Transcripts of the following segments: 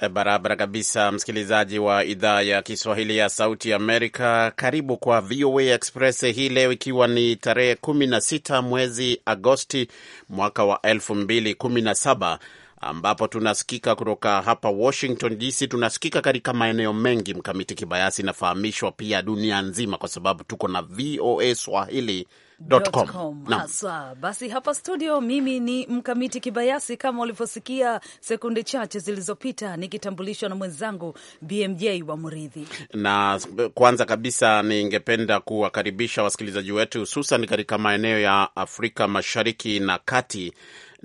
Eh, barabara kabisa, msikilizaji wa idhaa ya Kiswahili ya Sauti Amerika, karibu kwa VOA Express eh, hii leo, ikiwa ni tarehe 16 mwezi Agosti mwaka wa 2017 ambapo tunasikika kutoka hapa Washington DC, tunasikika katika maeneo mengi. Mkamiti Kibayasi inafahamishwa pia dunia nzima, kwa sababu tuko na VOA Swahili haswa basi, hapa studio, mimi ni Mkamiti Kibayasi, kama ulivyosikia sekunde chache zilizopita nikitambulishwa na mwenzangu BMJ wa Mridhi. Na kwanza kabisa ningependa kuwakaribisha wasikilizaji wetu hususan katika maeneo ya Afrika Mashariki na Kati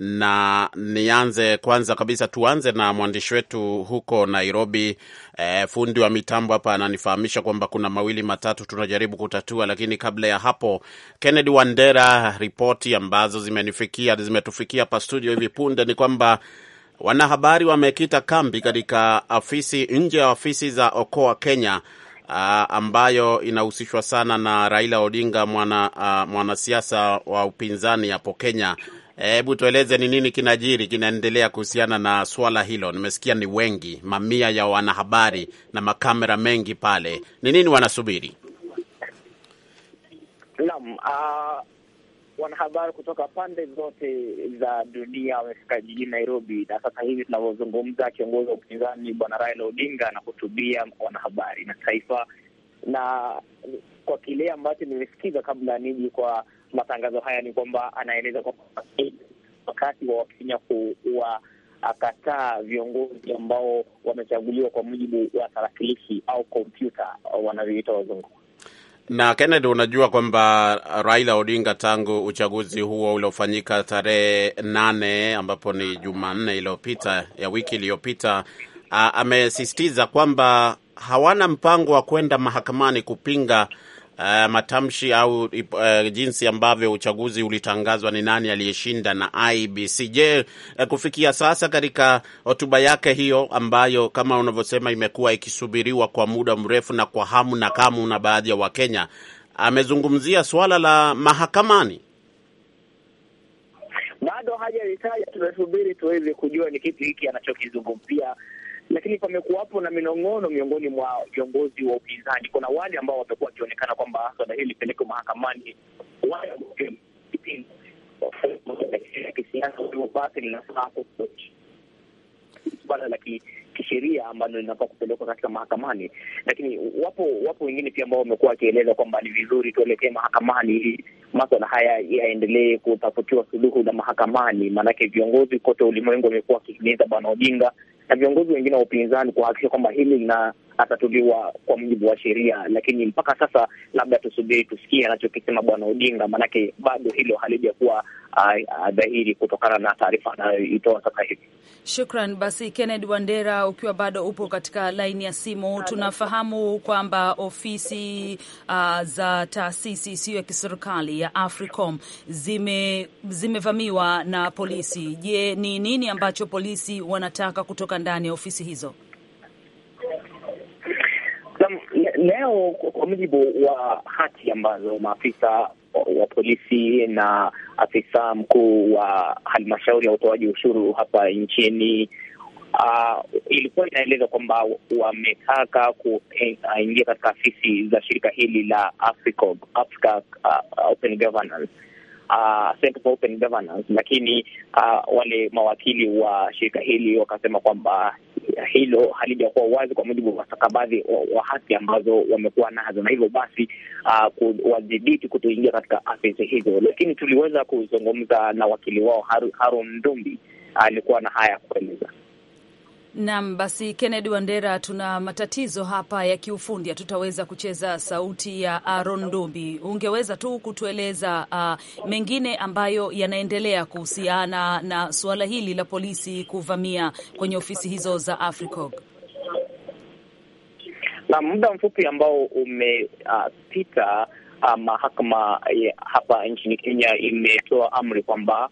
na nianze kwanza kabisa, tuanze na mwandishi wetu huko Nairobi. E, fundi wa mitambo hapa ananifahamisha kwamba kuna mawili matatu tunajaribu kutatua, lakini kabla ya hapo, Kennedy Wandera, ripoti ambazo zimenifikia zimetufikia hapa studio hivi punde ni kwamba wanahabari wamekita kambi katika afisi nje ya ofisi za Okoa Kenya, Uh, ambayo inahusishwa sana na Raila Odinga ah, mwanasiasa mwana wa upinzani hapo Kenya. Hebu tueleze ni nini kinajiri, kinaendelea kuhusiana na swala hilo. Nimesikia ni wengi, mamia ya wanahabari na makamera mengi pale, ni nini wanasubiri? Naam, uh, wanahabari kutoka pande zote za dunia wamefika jijini Nairobi, na sasa hivi tunavyozungumza, kiongozi wa upinzani Bwana Raila Odinga anahutubia wanahabari na taifa, na kwa kile ambacho nimesikiza kabla niji kwa matangazo haya ni kwamba anaeleza kwamba wakati wa Wakenya kuwakataa viongozi ambao wamechaguliwa kwa mujibu wa tarakilishi au kompyuta wanavyoita wazungu na Kennedy, unajua kwamba Raila Odinga tangu uchaguzi huo uliofanyika tarehe nane ambapo ni Jumanne iliyopita ya wiki iliyopita, amesisitiza kwamba hawana mpango wa kwenda mahakamani kupinga uh, matamshi au uh, jinsi ambavyo uchaguzi ulitangazwa, ni nani aliyeshinda na IBC. Je, uh, kufikia sasa katika hotuba yake hiyo ambayo kama unavyosema imekuwa ikisubiriwa kwa muda mrefu na kwa hamu na kamu na baadhi ya Wakenya, amezungumzia suala la mahakamani bado hajalitaja, tumesubiri tuweze kujua ni kipi hiki anachokizungumzia lakini pamekuwapo na minong'ono miongoni mwa viongozi wa upinzani. Kuna wale ambao wamekuwa wakionekana kwamba swala hili lipelekwe mahakamani, wale suala la kisheria ambalo linafaa kupelekwa katika mahakamani, lakini wapo wapo wengine pia ambao wamekuwa wakieleza kwamba ni vizuri tuelekee mahakamani ili maswala haya yaendelee kutafutiwa suluhu la mahakamani, maanake viongozi kote ulimwengu wamekuwa wakihimiza bwana Odinga na viongozi wengine wa upinzani kuhakikisha kwamba hili linatatuliwa kwa mujibu wa sheria. Lakini mpaka sasa, labda tusubiri tusikie anachokisema bwana Odinga, maanake bado hilo halijakuwa dhahiri kutokana na taarifa anayoitoa sasa hivi. Shukran. Basi Kennedy Wandera, ukiwa bado upo katika laini ya simu, tunafahamu kwamba ofisi uh, za taasisi isiyo ya kiserikali ya Africom zime zimevamiwa na polisi. Je, ni nini ambacho polisi wanataka kutoka ndani ya ofisi hizo? Leo kwa mujibu wa hati ambazo maafisa wa polisi na afisa mkuu wa halmashauri ya utoaji ushuru hapa nchini. Uh, ilikuwa inaeleza kwamba wametaka kuingia eh, katika afisi za shirika hili la Africa, Africa uh, Open Governance uh, Center for Open Governance, lakini uh, wale mawakili wa shirika hili wakasema kwamba hilo halijakuwa wazi kwa mujibu wa stakabadhi wa, haki ambazo wamekuwa nazo, na hivyo basi uh, wadhibiti kutoingia katika afisi hizo. Lakini tuliweza kuzungumza na wakili wao Harun Ndumbi, alikuwa uh, na haya ya kueleza. Nam, basi Kennedy Wandera, tuna matatizo hapa ya kiufundi, hatutaweza kucheza sauti ya Aaron Dobi. Ungeweza tu kutueleza uh, mengine ambayo yanaendelea kuhusiana na suala hili la polisi kuvamia kwenye ofisi hizo za Africog? Na muda mfupi ambao umepita uh, uh, mahakama uh, hapa nchini Kenya imetoa amri kwamba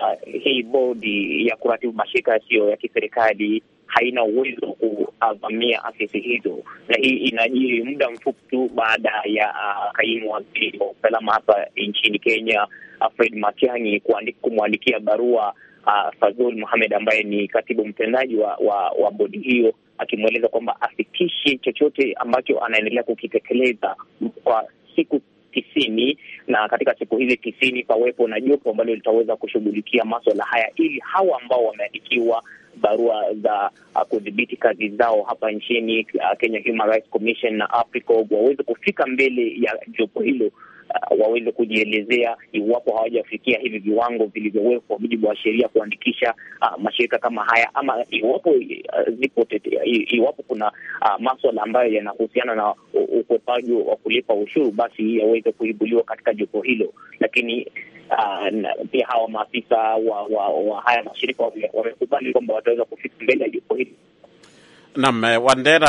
uh, hii bodi ya kuratibu mashirika yasiyo ya kiserikali haina uwezo wa kuvamia afisi hizo, na hii inajiri muda mfupi tu baada ya uh, kaimu waziri wa usalama hapa nchini Kenya uh, Fred Matiang'i kumwandikia barua uh, Fazul Muhamed ambaye ni katibu mtendaji wa, wa, wa bodi hiyo akimweleza kwamba afikishe chochote ambacho anaendelea kukitekeleza kwa siku tisini na katika siku hizi tisini pawepo na jopo ambalo litaweza kushughulikia maswala haya ili hawa ambao wameandikiwa barua za uh, kudhibiti kazi zao hapa nchini uh, Kenya Human Rights Commission na APRICOM waweze kufika mbele ya jopo hilo uh, waweze kujielezea iwapo hawajafikia hivi viwango vilivyowekwa kwa mujibu wa sheria kuandikisha uh, mashirika kama haya, ama iwapo uh, zipo iwapo kuna uh, maswala ambayo yanahusiana na ukwepaji wa kulipa ushuru, basi yaweze kuibuliwa katika jopo hilo, lakini Uh, na, pia hawa maafisa wa, wa, wa haya mashirika wamekubali kwamba wataweza kufika mbele ya jopo hili. Naam, Wandera.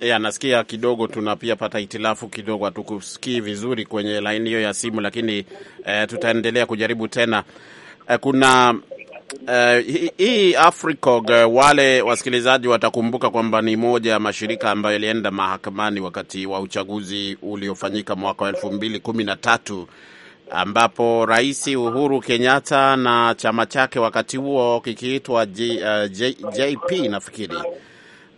Yeah, nasikia kidogo tuna pia pata itilafu kidogo, hatukusikii vizuri kwenye laini hiyo ya simu, lakini eh, tutaendelea kujaribu tena. Eh, kuna eh, hii Africog, eh, wale wasikilizaji watakumbuka kwamba ni moja ya mashirika ambayo ilienda mahakamani wakati wa uchaguzi uliofanyika mwaka wa elfu mbili kumi na tatu ambapo Rais Uhuru Kenyatta na chama chake wakati huo kikiitwa JP eh, nafikiri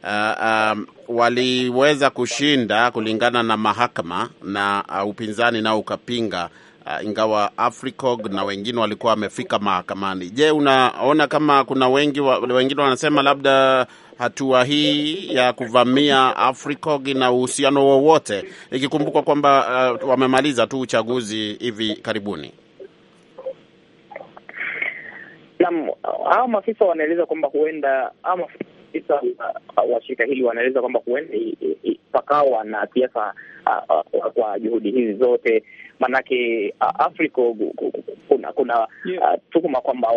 uh, um, waliweza kushinda kulingana na mahakama na uh, upinzani nao ukapinga uh, ingawa Africog na wengine walikuwa wamefika mahakamani. Je, unaona kama kuna wengi wa, wengine wanasema labda hatua hii ya kuvamia Africog na uhusiano wowote ikikumbukwa kwamba uh, wamemaliza tu uchaguzi hivi karibuni? Naam, hao maafisa wanaeleza kwamba huenda ama maafisa uh, wa, shirika hili wanaeleza kwamba huenda pakawa na siasa uh, uh, kwa, kwa juhudi hizi zote maanake afrika kuna kuna tuhuma kwamba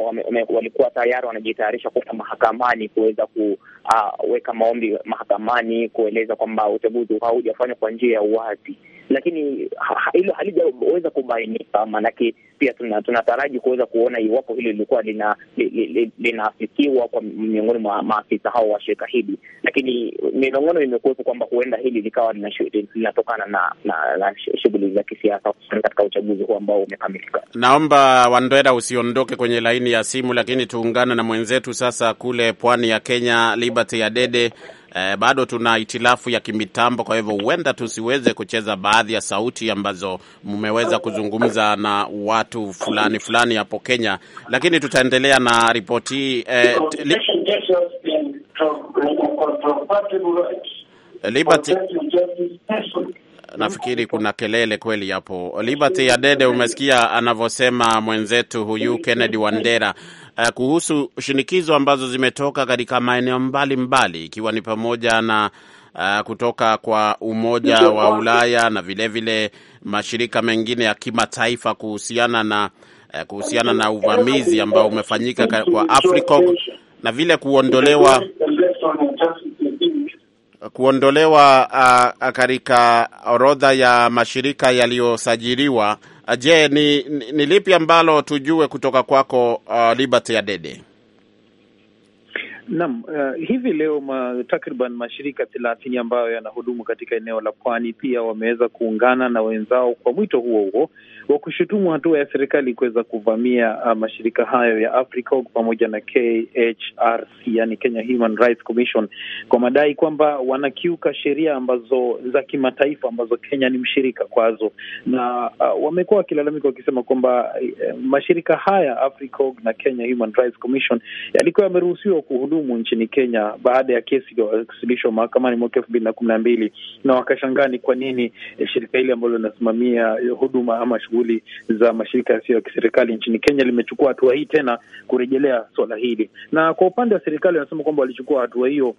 walikuwa tayari wanajitayarisha kwenda mahakamani kuweza kuweka maombi mahakamani kueleza kwamba uchaguzi haujafanywa kwa njia ya uwazi lakini hilo halijaweza kubainika. Maanake pia tunataraji tuna kuweza kuona iwapo hilo lilikuwa linaafikiwa kwa miongoni mwa maafisa hao wa shirika hili, lakini milongono imekuwepo kwamba huenda hili likawa linatokana na, na, na shughuli za kisiasa katika uchaguzi huu ambao umekamilika. Naomba Wandera usiondoke kwenye laini ya simu, lakini tuungane na mwenzetu sasa kule pwani ya Kenya, Liberty Adede eh, bado tuna itilafu ya kimitambo, kwa hivyo huenda tusiweze kucheza baadhi ya sauti ambazo mmeweza kuzungumza na watu fulani fulani hapo Kenya, lakini tutaendelea na ripoti eh, Liberty nafikiri kuna kelele kweli hapo. Liberty Adede, umesikia anavyosema mwenzetu huyu Kennedy Wandera eh, kuhusu shinikizo ambazo zimetoka katika maeneo mbalimbali, ikiwa ni pamoja na Uh, kutoka kwa Umoja wa Ulaya na vilevile vile mashirika mengine ya kimataifa kuhusiana na uh, kuhusiana na uvamizi ambao umefanyika kwa Africa na vile kuondolewa kuondolewa uh, katika orodha ya mashirika yaliyosajiliwa. Je, ni, ni, ni lipi ambalo tujue kutoka kwako uh, Liberty ya Dede? Naam, uh, hivi leo ma, takriban mashirika thelathini ambayo yanahudumu katika eneo la pwani pia wameweza kuungana na wenzao kwa mwito huo huo wa kushutumu hatua ya serikali kuweza kuvamia uh, mashirika hayo ya AFRICOG pamoja na KHRC, yani Kenya Human Rights Commission, kwa madai kwamba wanakiuka sheria ambazo za kimataifa ambazo Kenya ni mshirika kwazo, na uh, wamekuwa wakilalamika wakisema kwamba uh, mashirika haya AFRICOG na Kenya Human Rights Commission yalikuwa yameruhusiwa kuhudumu nchini Kenya baada ya kesi iliyowasilishwa mahakamani mwaka elfu mbili na kumi na mbili, na wakashangani ni kwa nini eh, shirika hili ambalo linasimamia eh, huduma ama shughuli za mashirika yasiyo ya kiserikali nchini Kenya limechukua hatua hii tena kurejelea swala hili, na kwa upande wa serikali wanasema kwamba walichukua hatua hiyo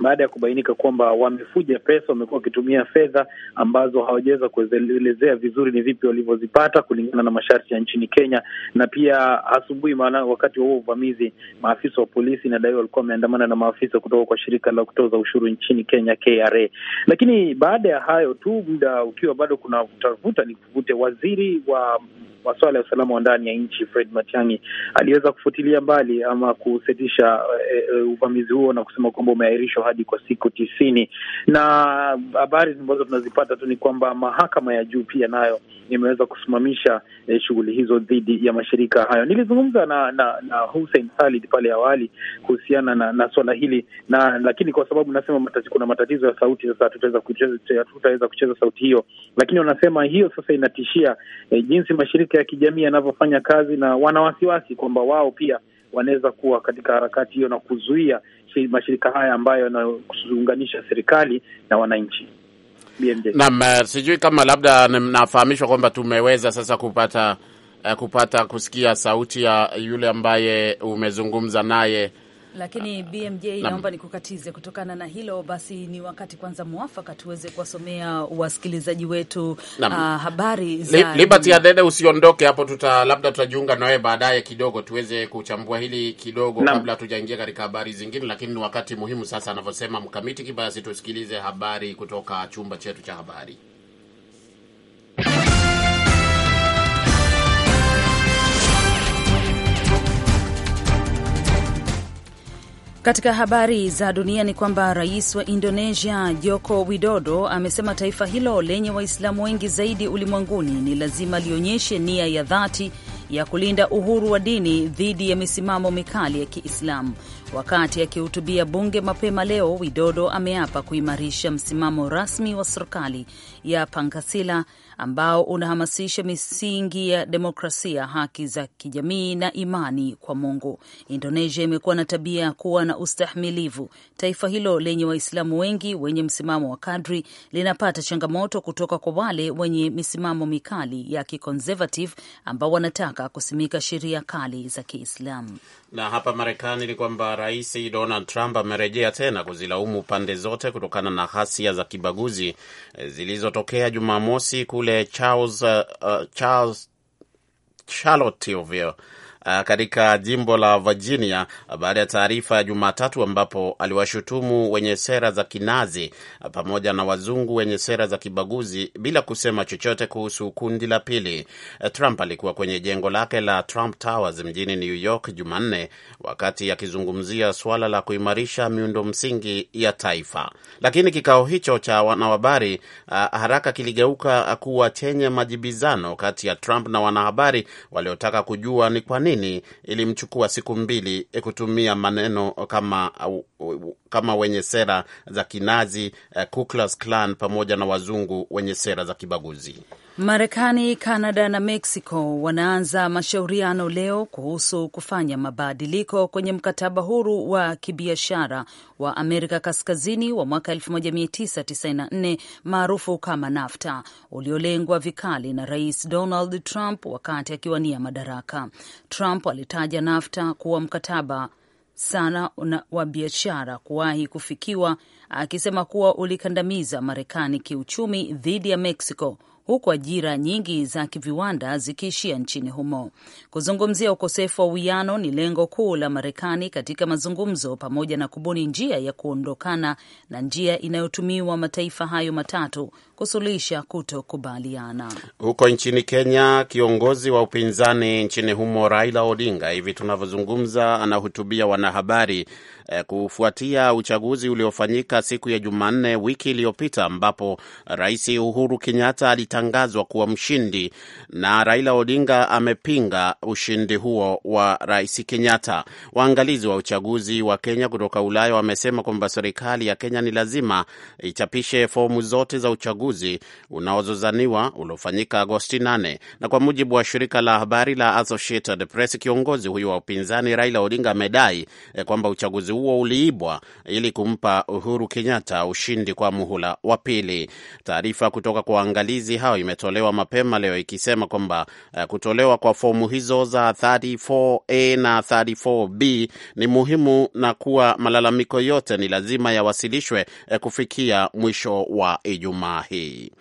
baada ya kubainika kwamba wamefuja pesa, wamekuwa wakitumia fedha ambazo hawajaweza kuelezea vizuri ni vipi walivyozipata kulingana na masharti ya nchini Kenya. Na pia asubuhi, maana wakati wa huo uvamizi, maafisa wa polisi inadaiwa walikuwa wameandamana na maafisa kutoka kwa shirika la kutoza ushuru nchini Kenya, KRA. Lakini baada ya hayo tu, muda ukiwa bado kuna vutavuta ni kuvute, waziri wa masuala ya usalama wa ndani ya nchi Fred Matiang'i aliweza kufutilia mbali ama kusitisha e, uvamizi huo na kusema kwamba umeahirishwa hadi kwa siku tisini, na habari ambazo tunazipata tu ni kwamba mahakama ya juu pia nayo imeweza kusimamisha e, shughuli hizo dhidi ya mashirika hayo. Nilizungumza na na, na Hussein Khalid pale awali kuhusiana na, na swala hili na lakini kwa sababu nasema matati, kuna matatizo ya sauti sasa tutaweza kucheza, kucheza sauti hiyo, lakini wanasema hiyo sasa inatishia e, jinsi mashirika ya kijamii yanavyofanya kazi, na wana wasiwasi kwamba wao pia wanaweza kuwa katika harakati hiyo na kuzuia mashirika haya ambayo yanaunganisha serikali na wananchi. Naam, eh, sijui kama labda nafahamishwa kwamba tumeweza sasa kupata eh, kupata kusikia sauti ya yule ambaye umezungumza naye. Lakini ah, BMJ, ah, naomba nikukatize kutokana na hilo. Basi ni wakati kwanza mwafaka tuweze kuwasomea wasikilizaji wetu uh, habari za Liberty Adede. Usiondoke hapo, tuta labda tutajiunga nawe baadaye kidogo tuweze kuchambua hili kidogo Nam. kabla tujaingia katika habari zingine, lakini ni wakati muhimu sasa, anavyosema mkamiti kibasi, tusikilize habari kutoka chumba chetu cha habari. Katika habari za dunia ni kwamba rais wa Indonesia Joko Widodo amesema taifa hilo lenye Waislamu wengi zaidi ulimwenguni ni lazima lionyeshe nia ya dhati ya kulinda uhuru wa dini dhidi ya misimamo mikali ya Kiislamu. Wakati akihutubia bunge mapema leo, Widodo ameapa kuimarisha msimamo rasmi wa serikali ya Pankasila ambao unahamasisha misingi ya demokrasia, haki za kijamii na imani kwa Mungu. Indonesia imekuwa na tabia ya kuwa na ustahimilivu. Taifa hilo lenye Waislamu wengi wenye msimamo wa kadri linapata changamoto kutoka kwa wale wenye misimamo mikali ya kiconservative ambao wanataka kutaka kusimika sheria kali za Kiislamu. Na hapa Marekani ni kwamba Rais Donald Trump amerejea tena kuzilaumu pande zote kutokana na ghasia za kibaguzi eh, zilizotokea Jumamosi kule Charles, uh, Charles, Charlottesville Ah, katika jimbo la Virginia baada ya taarifa ya Jumatatu ambapo aliwashutumu wenye sera za kinazi pamoja na wazungu wenye sera za kibaguzi bila kusema chochote kuhusu kundi la pili. Eh, Trump alikuwa kwenye jengo lake la Trump Towers mjini New York Jumanne wakati akizungumzia suala la kuimarisha miundo msingi ya taifa, lakini kikao hicho cha wanahabari ah, haraka kiligeuka kuwa chenye majibizano kati ya Trump na wanahabari waliotaka kujua ni kwa nini kampeni ilimchukua siku mbili e kutumia maneno kama, kama wenye sera za kinazi, eh, Ku Klux Klan pamoja na wazungu wenye sera za kibaguzi. Marekani, Kanada na Mexico wanaanza mashauriano leo kuhusu kufanya mabadiliko kwenye mkataba huru wa kibiashara wa Amerika Kaskazini wa mwaka 1994 maarufu kama NAFTA uliolengwa vikali na Rais Donald Trump wakati akiwania madaraka. Trump alitaja NAFTA kuwa mkataba sana wa biashara kuwahi kufikiwa, akisema kuwa ulikandamiza Marekani kiuchumi dhidi ya Mexico huku ajira nyingi za kiviwanda zikiishia nchini humo. Kuzungumzia ukosefu wa uwiano ni lengo kuu la Marekani katika mazungumzo, pamoja na kubuni njia ya kuondokana na njia inayotumiwa mataifa hayo matatu kusuluhisha kutokubaliana. Huko nchini Kenya, kiongozi wa upinzani nchini humo Raila Odinga hivi tunavyozungumza anahutubia wanahabari eh, kufuatia uchaguzi uliofanyika siku ya Jumanne wiki iliyopita ambapo Rais Uhuru Kenyatta alitangazwa kuwa mshindi, na Raila Odinga amepinga ushindi huo wa Rais Kenyatta. Waangalizi wa uchaguzi wa Kenya kutoka Ulaya wamesema kwamba serikali ya Kenya ni lazima ichapishe fomu zote za uchaguzi uchaguzi unaozozaniwa uliofanyika Agosti 8. Na kwa mujibu wa shirika la habari la Associated Press, kiongozi huyo wa upinzani Raila Odinga amedai eh, kwamba uchaguzi huo uliibwa ili kumpa Uhuru Kenyatta ushindi kwa muhula wa pili. Taarifa kutoka kwa waangalizi hao imetolewa mapema leo ikisema kwamba eh, kutolewa kwa fomu hizo za 34A na 34B ni muhimu na kuwa malalamiko yote ni lazima yawasilishwe eh, kufikia mwisho wa Ijumaa hii. ー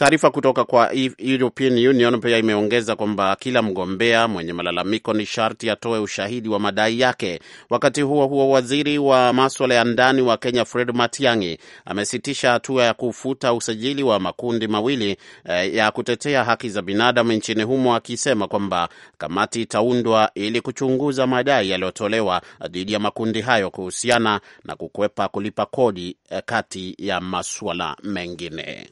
Taarifa kutoka kwa e- European Union pia imeongeza kwamba kila mgombea mwenye malalamiko ni sharti atoe ushahidi wa madai yake. Wakati huo huo, waziri wa maswala ya ndani wa Kenya Fred Matiang'i amesitisha hatua ya kufuta usajili wa makundi mawili eh, ya kutetea haki za binadamu nchini humo, akisema kwamba kamati itaundwa ili kuchunguza madai yaliyotolewa dhidi ya makundi hayo kuhusiana na kukwepa kulipa kodi eh, kati ya maswala mengine.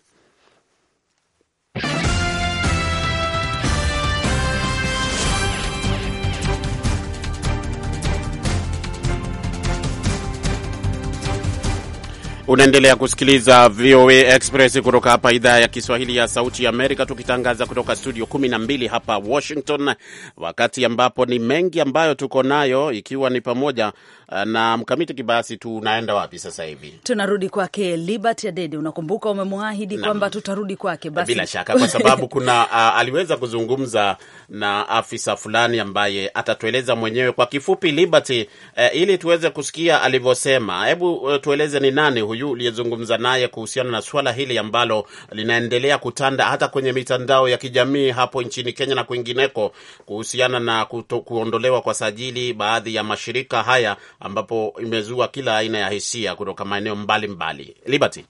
Unaendelea kusikiliza VOA Express kutoka hapa idhaa ya Kiswahili ya Sauti ya Amerika, tukitangaza kutoka studio 12 hapa Washington, wakati ambapo ni mengi ambayo tuko nayo, ikiwa ni pamoja Eh, na mkamiti kibasi, tunaenda wapi sasa hivi? Tunarudi kwake Liberty Adede. Unakumbuka umemwahidi kwamba tutarudi kwake, basi bila shaka, kwa sababu kuna a, ah, aliweza kuzungumza na afisa fulani ambaye atatueleza mwenyewe kwa kifupi. Liberty, uh, ili tuweze kusikia alivyosema, hebu eh, tueleze ni nani huyu uliyezungumza naye kuhusiana na swala hili ambalo linaendelea kutanda hata kwenye mitandao ya kijamii hapo nchini Kenya na kwingineko kuhusiana na kuto, kuondolewa kwa sajili baadhi ya mashirika haya ambapo imezua kila aina ya hisia kutoka maeneo mbalimbali. Liberty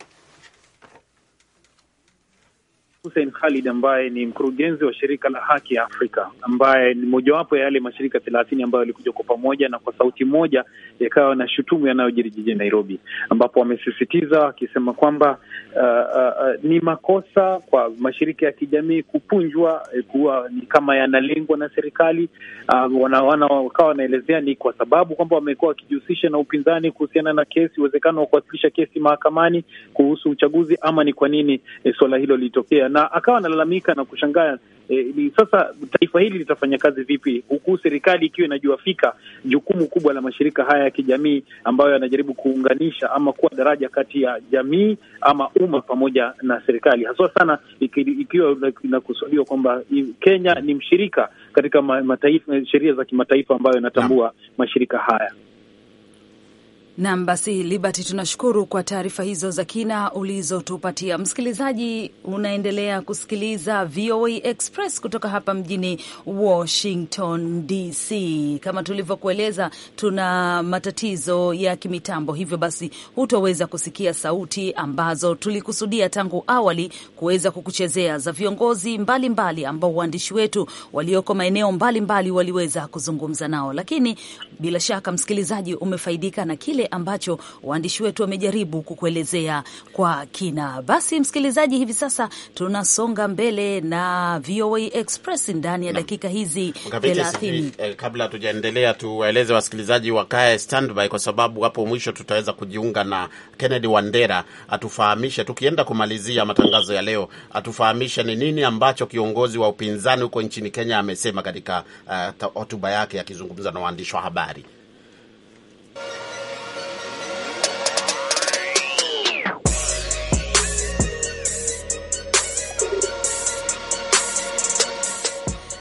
Hussein Khalid ambaye ni mkurugenzi wa shirika la Haki ya Afrika ambaye ni mojawapo ya yale mashirika thelathini ambayo yalikuja kwa pamoja na kwa sauti moja yakawa na shutumu yanayojiri jijini Nairobi, ambapo wamesisitiza wakisema kwamba uh, uh, uh ni makosa kwa mashirika ya kijamii kupunjwa eh, kuwa ni kama yanalengwa na serikali. Uh, wanawana wakawa wanaelezea ni kwa sababu kwamba wamekuwa wakijihusisha na upinzani kuhusiana na kesi, uwezekano wa kuwasilisha kesi mahakamani kuhusu uchaguzi, ama ni kwa nini eh, suala hilo lilitokea na akawa analalamika na kushangaa E, ni sasa taifa hili litafanya kazi vipi huku serikali ikiwa inajua fika jukumu kubwa la mashirika haya ya kijamii ambayo yanajaribu kuunganisha ama kuwa daraja kati ya jamii ama umma pamoja na serikali, haswa sana ikiwa inakusudiwa kwamba Kenya ni mshirika katika ma, mataifa sheria za kimataifa ambayo inatambua mashirika haya. Nam, basi Liberty, tunashukuru kwa taarifa hizo za kina ulizotupatia. Msikilizaji, unaendelea kusikiliza VOA Express kutoka hapa mjini Washington DC. Kama tulivyokueleza, tuna matatizo ya kimitambo, hivyo basi hutoweza kusikia sauti ambazo tulikusudia tangu awali kuweza kukuchezea za viongozi mbalimbali ambao waandishi wetu walioko maeneo mbalimbali waliweza kuzungumza nao, lakini bila shaka msikilizaji umefaidika na kile ambacho waandishi wetu wamejaribu kukuelezea kwa kina. Basi msikilizaji, hivi sasa tunasonga mbele na VOA Express ndani ya dakika hizi thelathini. Eh, eh kabla hatujaendelea, tuwaeleze wasikilizaji wakae standby, kwa sababu hapo mwisho tutaweza kujiunga na Kennedy Wandera atufahamishe, tukienda kumalizia matangazo ya leo, atufahamishe ni nini ambacho kiongozi wa upinzani huko nchini Kenya amesema katika eh, hotuba uh, yake akizungumza na waandishi wa habari.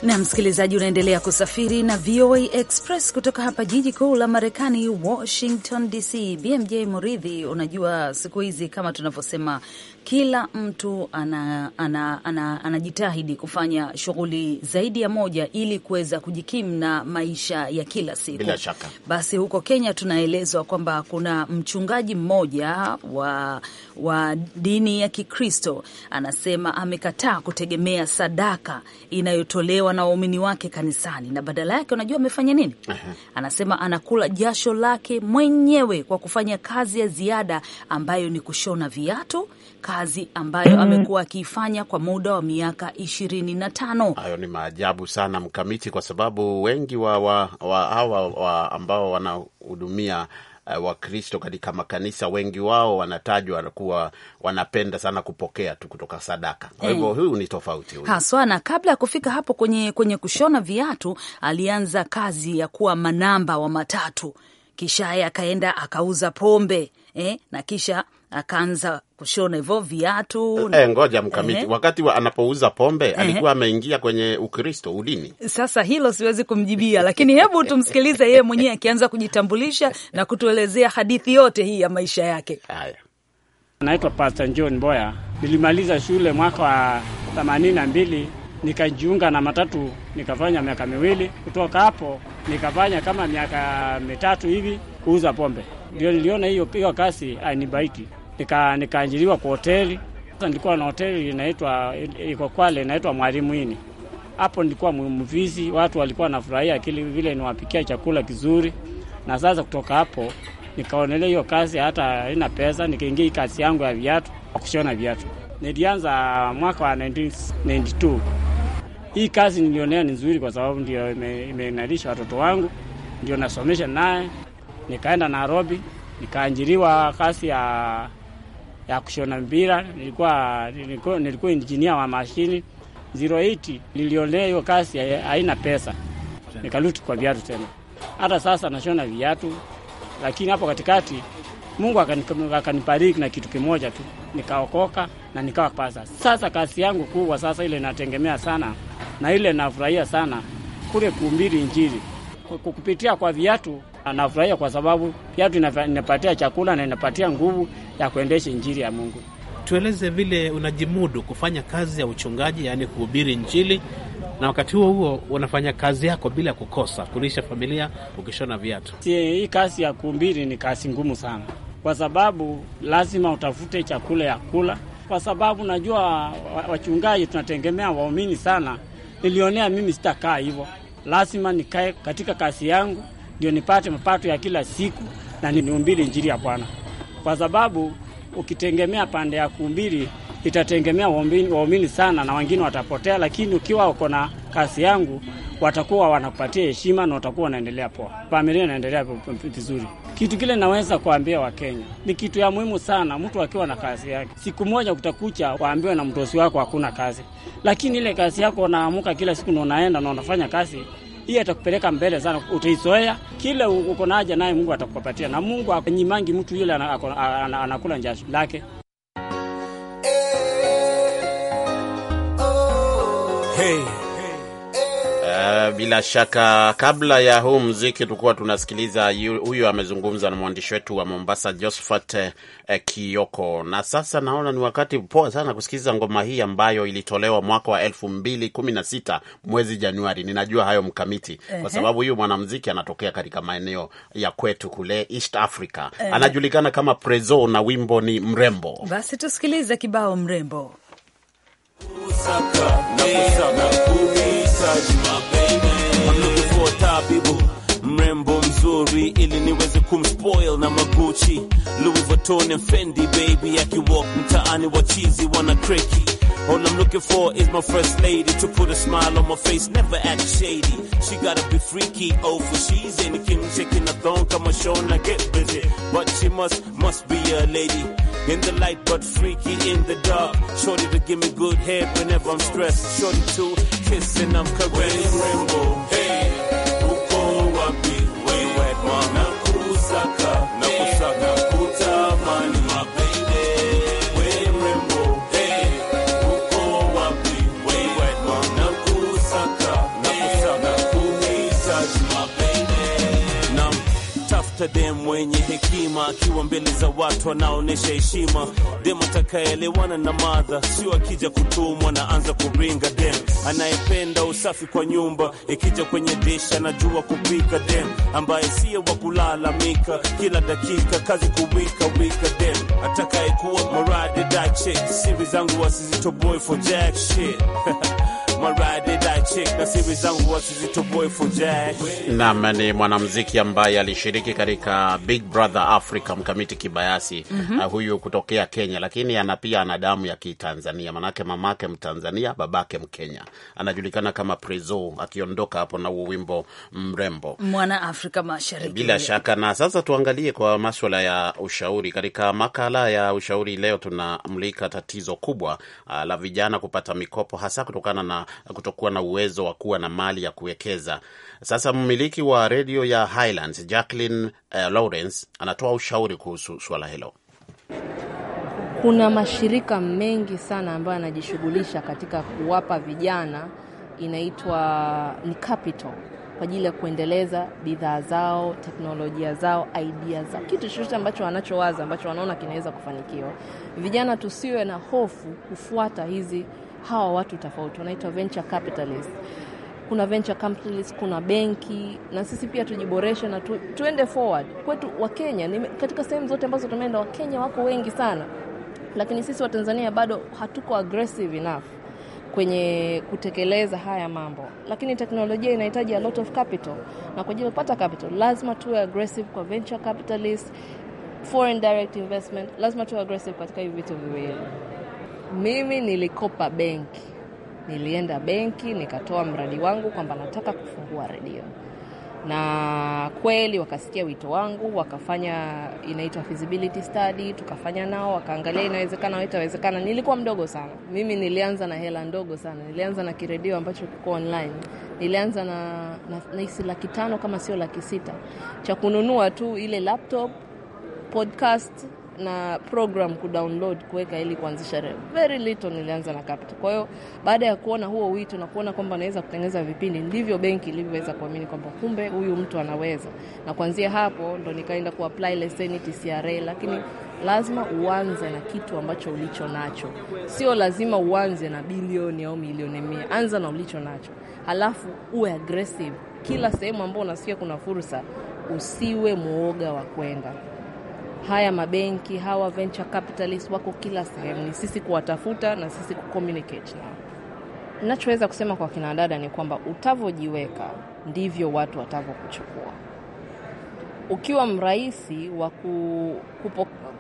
na msikilizaji, unaendelea kusafiri na VOA Express kutoka hapa jiji kuu la Marekani, Washington DC. BMJ Muridhi, unajua siku hizi kama tunavyosema kila mtu ana, ana, ana, anajitahidi kufanya shughuli zaidi ya moja ili kuweza kujikimu na maisha ya kila siku. Bila shaka. Basi huko Kenya tunaelezwa kwamba kuna mchungaji mmoja wa, wa dini ya Kikristo anasema amekataa kutegemea sadaka inayotolewa na waumini wake kanisani, na badala yake unajua amefanya nini? Aha. Anasema anakula jasho lake mwenyewe kwa kufanya kazi ya ziada ambayo ni kushona viatu kazi ambayo mm -hmm. amekuwa akiifanya kwa muda wa miaka ishirini na tano. Hayo ni maajabu sana Mkamiti, kwa sababu wengi wa, wa, wa, wa, wa ambao wanahudumia eh, Wakristo katika makanisa wengi wao wanatajwa kuwa wanapenda sana kupokea tu kutoka sadaka. Kwa hivyo eh. huyu ni tofauti haswa. Na kabla ya kufika hapo kwenye, kwenye kushona viatu, alianza kazi ya kuwa manamba wa matatu, kisha akaenda akauza pombe eh, na kisha akaanza kushona hivyo viatu e, ngoja mkamiti e. Wakati wa anapouza pombe e, alikuwa ameingia kwenye Ukristo udini. Sasa hilo siwezi kumjibia, lakini hebu tumsikilize yeye mwenyewe akianza kujitambulisha na kutuelezea hadithi yote hii ya maisha yake. Haya, naitwa Pasta John Boya. Nilimaliza shule mwaka wa mbili nikajiunga na matatu nikafanya miaka miwili. Kutoka hapo nikafanya kama miaka mitatu hivi kuuza pombe, ndio niliona hiyo hiyo kasi hainibaiki nika nikaajiriwa kwa hoteli. Sasa nilikuwa na hoteli inaitwa iko Kwale, inaitwa Mwalimu Ini. Hapo nilikuwa mvizi, watu walikuwa nafurahia kile vile niwapikia chakula kizuri. Na sasa kutoka hapo nikaonelea hiyo kazi hata haina pesa, nikaingia kazi yangu ya viatu, kushona viatu. Nilianza mwaka wa 1992. Hii kazi nilionea ni nzuri kwa sababu ndio imenalisha watoto wangu, ndio nasomesha naye. Nikaenda Nairobi, nikaajiriwa kazi ya ya kushona mpira, nilikuwa nilikuwa, nilikuwa injinia wa mashini zero eight. Nilionea hiyo kazi, haina pesa, nikaluti kwa viatu tena. Hata sasa nashona viatu, lakini hapo katikati Mungu akanibariki na kitu kimoja tu, nikaokoka na nikawa pasa. Sasa kazi yangu kubwa sasa ile nategemea sana na ile nafurahia sana kule kuhubiri Injili kupitia kwa viatu Anafurahia kwa sababu kiatu inapatia chakula na inapatia nguvu ya kuendesha injili ya Mungu. Tueleze vile unajimudu kufanya kazi ya uchungaji, yaani kuhubiri Injili, na wakati huo huo unafanya kazi yako bila kukosa, kulisha familia, ukishona viatu. Hii kazi ya kuhubiri ni kazi ngumu sana, kwa sababu lazima utafute chakula ya kula, kwa sababu najua wachungaji tunategemea waumini sana. Nilionea mimi sitakaa hivyo, lazima nikae katika kazi yangu ndio nipate mapato ya kila siku na niumbili njiri ya Bwana, kwa sababu ukitegemea pande ya kuumbili itategemea waumini sana, na wengine watapotea, lakini ukiwa uko na kasi yangu watakuwa wanakupatia heshima na watakuwa wanaendelea poa, familia inaendelea vizuri. Kitu kile naweza kuambia Wakenya ni kitu ya muhimu sana, mtu akiwa na kazi yake. Siku moja kutakucha waambiwe na mtosi wako hakuna kazi, lakini ile kazi yako unaamuka kila siku na unaenda na unafanya kazi hiyo atakupeleka mbele sana, utaizoea kile uko naja naye, Mungu atakupatia na Mungu anyimangi mtu yule anakula njasho lake. Hey. Eh, bila shaka kabla ya huu mziki tukuwa tunasikiliza huyu amezungumza na mwandishi wetu wa Mombasa Josephat eh, Kioko. Na sasa naona ni wakati poa sana kusikiliza ngoma hii ambayo ilitolewa mwaka wa elfu mbili kumi na sita mwezi Januari. Ninajua hayo mkamiti uh -huh. Kwa sababu huyu mwanamziki anatokea katika maeneo ya kwetu kule East Africa uh -huh. Anajulikana kama Prezo na wimbo ni Mrembo. Basi tusikilize kibao Mrembo. Usaka, me, na, na, unahitaji mapenzi. I'm looking for a tabibu mrembo mzuri ili niweze kumspoil na maguchi Louis Vuitton and Fendi baby, akiwalk mtaani wachizi wana kreki All I'm looking for is my first lady to put a smile on my face, never act shady. She gotta be freaky, oh for she's anything, shaking a thong, come on, show and I get busy. But she must, must be a lady in the light but freaky in the dark. Shorty to give me good head whenever I'm stressed. Shorty to kiss and I'm caressed. Rainbow, hey, uko wapi wewe? Nakusaka, nakusaka. dem mwenye hekima akiwa mbele za watu anaonyesha heshima. Dem atakayeelewana na madha, sio akija kutumwa na anza kuringa. Dem anayependa usafi kwa nyumba, ikija kwenye dishi anajua kupika. Dem ambaye siye wa kulalamika kila dakika, kazi kuwika wika. Dem atakayekuwa maradi dache, siri zangu wasizitoboy for jack shit Nam ni mwanamuziki ambaye alishiriki katika Big Brother Africa, mkamiti kibayasi mm -hmm. huyu kutokea Kenya, lakini ana pia ana damu ya Kitanzania, manake mamake Mtanzania, babake Mkenya. Anajulikana kama Prizo, akiondoka hapo na uwimbo wimbo mrembo, mwana Afrika Mashariki bila shaka. Na sasa tuangalie kwa maswala ya ushauri. Katika makala ya ushauri leo tunamulika tatizo kubwa uh, la vijana kupata mikopo hasa kutokana na kutokuwa na uwezo wa kuwa na mali ya kuwekeza. Sasa mmiliki wa redio ya Highlands Jacqueline uh, Lawrence anatoa ushauri kuhusu suala hilo. Kuna mashirika mengi sana ambayo yanajishughulisha katika kuwapa vijana, inaitwa ni capital kwa ajili ya kuendeleza bidhaa zao, teknolojia zao, idea zao, kitu chochote ambacho wanachowaza ambacho wanaona kinaweza kufanikiwa vijana tusiwe na hofu kufuata hizi hawa watu tofauti wanaitwa venture capitalist. Kuna venture capitalist, kuna benki, na sisi pia tujiboreshe na tu, tuende forward kwetu Wakenya. Katika sehemu zote ambazo tumeenda, Wakenya wako wengi sana, lakini sisi Watanzania bado hatuko aggressive enough kwenye kutekeleza haya mambo, lakini teknolojia inahitaji a lot of capital, na kwa ajili ya kupata capital lazima tuwe aggressive kwa venture capitalist, foreign direct investment, lazima tuwe aggressive katika hivi vitu viwili. Mimi nilikopa benki, nilienda benki nikatoa mradi wangu kwamba nataka kufungua redio, na kweli wakasikia wito wangu, wakafanya inaitwa feasibility study, tukafanya nao, wakaangalia inawezekana itawezekana. Nilikuwa mdogo sana, mimi nilianza na hela ndogo sana, nilianza na kiredio ambacho kiko online, nilianza na nahisi laki tano kama sio laki sita cha kununua tu ile laptop podcast na program kudownload kuweka ili kuanzisha rev. Very little nilianza na capital. Kwa hiyo baada ya kuona huo wito na kuona kwamba naweza kutengeneza vipindi, ndivyo benki ilivyoweza kuamini kwamba kumbe huyu mtu anaweza, na kuanzia hapo ndo nikaenda kuapply leseni TCRA, lakini lazima uanze na kitu ambacho ulicho nacho. Sio lazima uanze na bilioni au milioni mia. Anza na ulicho nacho, halafu uwe aggressive kila sehemu ambayo unasikia kuna fursa. Usiwe mwoga wa kwenda haya mabenki, hawa venture capitalists wako kila sehemu, ni sisi kuwatafuta na sisi kucommunicate nao. Nachoweza kusema kwa kinadada ni kwamba utavyojiweka ndivyo watu watavyokuchukua. Ukiwa mrahisi wa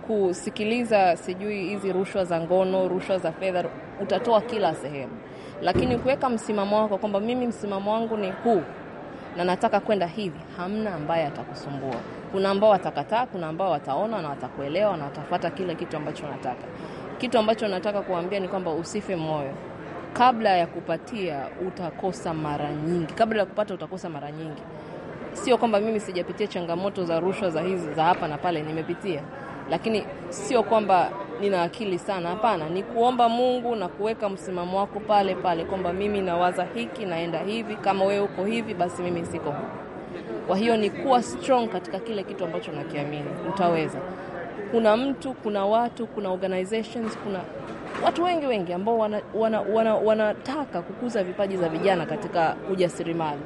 kusikiliza, sijui hizi rushwa za ngono, rushwa za fedha, utatoa kila sehemu, lakini kuweka msimamo wako kwamba mimi msimamo wangu ni huu na nataka kwenda hivi, hamna ambaye atakusumbua. Kuna ambao watakataa, kuna ambao wataona na watakuelewa na watafata kile kitu ambacho unataka. Kitu ambacho nataka kuambia ni kwamba usife moyo. Kabla ya kupatia utakosa mara nyingi, kabla ya kupata utakosa mara nyingi. Sio kwamba mimi sijapitia changamoto za rushwa za hizi za hapa na pale, nimepitia, lakini sio kwamba nina akili sana. Hapana, ni kuomba Mungu na kuweka msimamo wako pale pale kwamba mimi nawaza hiki, naenda hivi, kama wewe uko hivi, basi mimi siko. Kwa hiyo ni kuwa strong katika kile kitu ambacho nakiamini, utaweza. Kuna mtu, kuna watu, kuna organizations, kuna watu wengi wengi ambao wanataka wana, wana, wana kukuza vipaji za vijana katika ujasiriamali.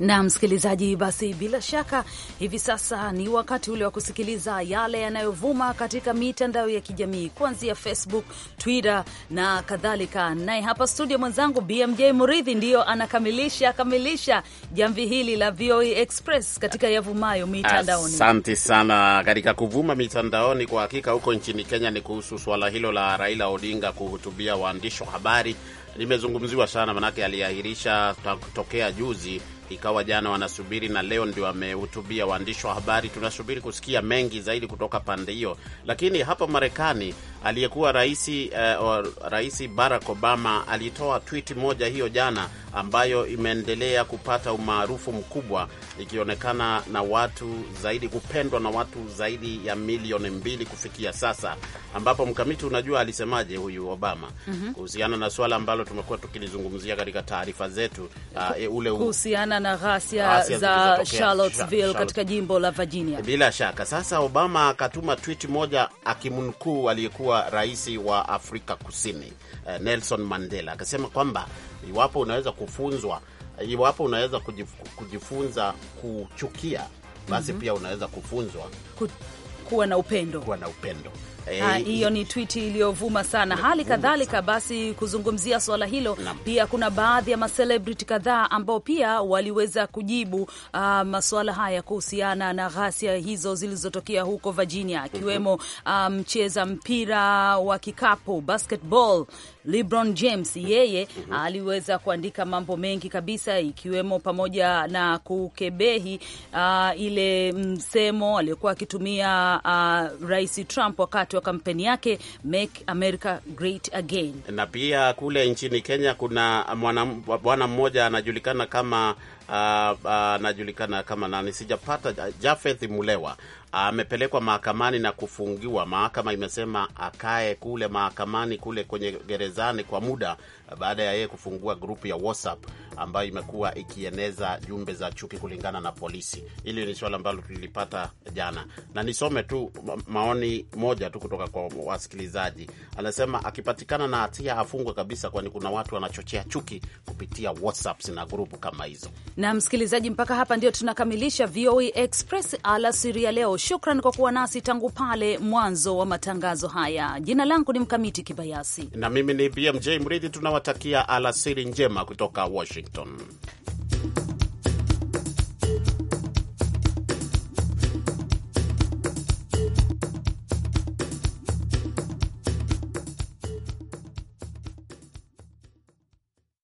na msikilizaji, basi bila shaka hivi sasa ni wakati ule wa kusikiliza yale yanayovuma katika mitandao ya kijamii kuanzia Facebook, Twitter na kadhalika. Naye hapa studio mwenzangu BMJ Muridhi ndiyo anakamilisha kamilisha jamvi hili la VOA e Express katika yavumayo mitandaoni. Asante sana katika kuvuma mitandaoni. Kwa hakika huko nchini Kenya ni kuhusu suala hilo la Raila Odinga kuhutubia waandishi wa habari limezungumziwa sana, manake aliahirisha tokea juzi ikawa jana wanasubiri na leo ndio wamehutubia waandishi wa habari. Tunasubiri kusikia mengi zaidi kutoka pande hiyo, lakini hapa Marekani aliyekuwa raisi, uh, eh, Rais Barack Obama alitoa tweet moja hiyo jana ambayo imeendelea kupata umaarufu mkubwa, ikionekana na watu zaidi, kupendwa na watu zaidi ya milioni mbili kufikia sasa, ambapo mkamiti, unajua alisemaje huyu Obama mhm. kuhusiana na swala ambalo tumekuwa tukilizungumzia katika taarifa zetu uh, ule kuhusiana kuhusiana na ghasia za Charlottesville katika jimbo la Virginia. Bila shaka sasa, Obama akatuma tweet moja akimnukuu aliyekuwa rais wa Afrika Kusini eh, Nelson Mandela, akasema kwamba iwapo unaweza kufunzwa, iwapo unaweza kujifunza kuchukia, basi mm -hmm. pia unaweza kufunzwa Ku, kuwa na upendo, kuwa na upendo Eh, ah, hiyo ni twiti iliyovuma sana. Hali kadhalika basi, kuzungumzia swala hilo na, pia kuna baadhi ya macelebrity kadhaa ambao pia waliweza kujibu uh, ah, masuala haya kuhusiana na ghasia hizo zilizotokea huko Virginia, mhm. akiwemo ah, mcheza um, mpira wa kikapu basketball LeBron James mhm. yeye mm -hmm. aliweza kuandika mambo mengi kabisa, ikiwemo pamoja na kukebehi uh, ile msemo aliyokuwa akitumia uh, Rais Trump wakati wa kampeni yake Make America Great Again. Na pia kule nchini Kenya kuna bwana mmoja anajulikana kama Ah, ah, anajulikana uh, uh, kama nani, sijapata. Ah, Jafeth Mulewa amepelekwa uh, mahakamani na kufungiwa. Mahakama imesema akae kule mahakamani kule kwenye gerezani kwa muda baada ya yeye kufungua grupu ya WhatsApp ambayo imekuwa ikieneza jumbe za chuki kulingana na polisi. Hili ni swala ambalo tulilipata jana, na nisome tu maoni moja tu kutoka kwa wasikilizaji. Anasema akipatikana na hatia afungwe kabisa, kwani kuna watu wanachochea chuki kupitia WhatsApp na grupu kama hizo. Na msikilizaji, mpaka hapa ndio tunakamilisha VOA e Express alasiri ya leo. Shukran kwa kuwa nasi tangu pale mwanzo wa matangazo haya. Jina langu ni Mkamiti Kibayasi na mimi ni BMJ Mridhi tuna tukiwatakia alasiri njema kutoka Washington.